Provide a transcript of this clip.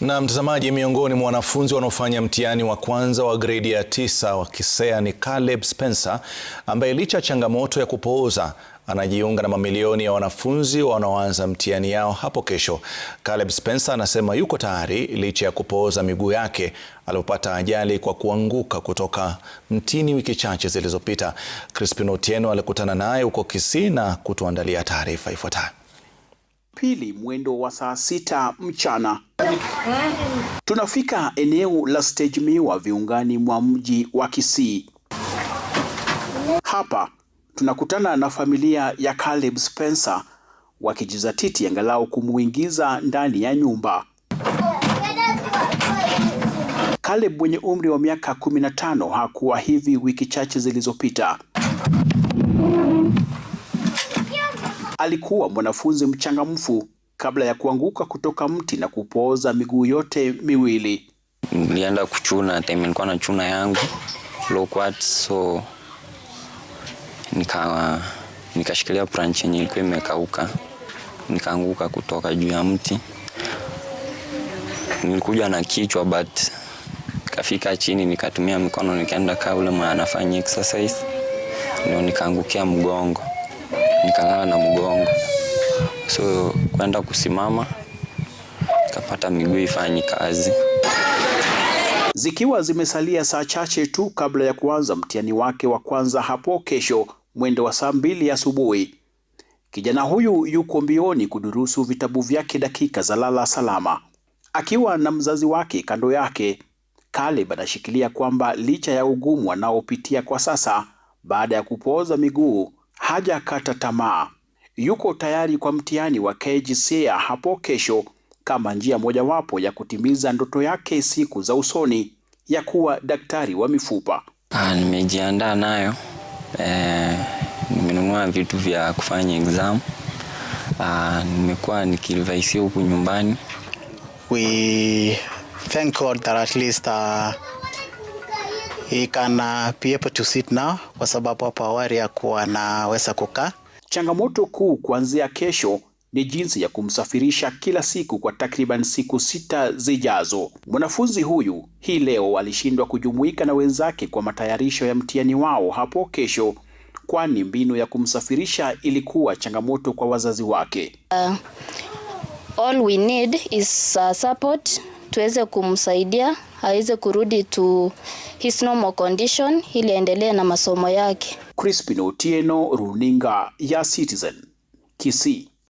Na mtazamaji, miongoni mwa wanafunzi wanaofanya mtihani wa kwanza wa gredi ya tisa wa kisea ni Caleb Spencer ambaye licha ya changamoto ya kupooza anajiunga na mamilioni ya wanafunzi wanaoanza mtihani yao hapo kesho. Caleb Spencer anasema yuko tayari licha ya kupooza miguu yake alipopata ajali kwa kuanguka kutoka mtini wiki chache zilizopita. Crispin Otieno alikutana naye huko Kisii na kutuandalia taarifa ifuatayo. Pili mwendo wa saa sita mchana mashabiki. Tunafika eneo la stage miwa viungani mwa mji wa Kisii. Hapa tunakutana na familia ya Caleb Spencer wakijizatiti angalau kumuingiza ndani ya nyumba. Caleb mwenye umri wa miaka 15 hakuwa hivi wiki chache zilizopita. Alikuwa mwanafunzi mchangamfu kabla ya kuanguka kutoka mti na kupooza miguu yote miwili. Nilienda kuchuna time nilikuwa na chuna yangu low quad, so nika nikashikilia branch yenye ilikuwa imekauka, nikaanguka kutoka juu ya mti. Nilikuja na kichwa but kafika chini, nikatumia mikono, nikaenda kaa ule mwana anafanya exercise, ndio nikaangukia mgongo, nikalala na mgongo so kwenda kusimama kapata miguu ifanyi kazi. Zikiwa zimesalia saa chache tu kabla ya kuanza mtihani wake wa kwanza hapo kesho mwendo wa saa mbili asubuhi, kijana huyu yuko mbioni kudurusu vitabu vyake dakika za lala salama, akiwa na mzazi wake kando yake. kaleb anashikilia kwamba licha ya ugumu anaopitia kwa sasa baada ya kupooza miguu hajakata tamaa yuko tayari kwa mtihani wa KCSE hapo kesho kama njia mojawapo ya kutimiza ndoto yake siku za usoni ya kuwa daktari wa mifupa. Ah, nimejiandaa nayo eh, nimenunua vitu vya kufanya exam. Ah, nimekuwa nikirevise huku nyumbani. We thank God that at least uh, he can uh, be able to sit now kwa sababu hapo awali kuwa anaweza kukaa. Changamoto kuu kuanzia kesho ni jinsi ya kumsafirisha kila siku kwa takriban siku sita zijazo. Mwanafunzi huyu hii leo alishindwa kujumuika na wenzake kwa matayarisho ya mtihani wao hapo kesho, kwani mbinu ya kumsafirisha ilikuwa changamoto kwa wazazi wake. Uh, all we need is, uh, support tuweze kumsaidia aweze kurudi to his normal condition ili aendelee na masomo yake. Crispin Otieno, runinga ya Citizen, Kisii.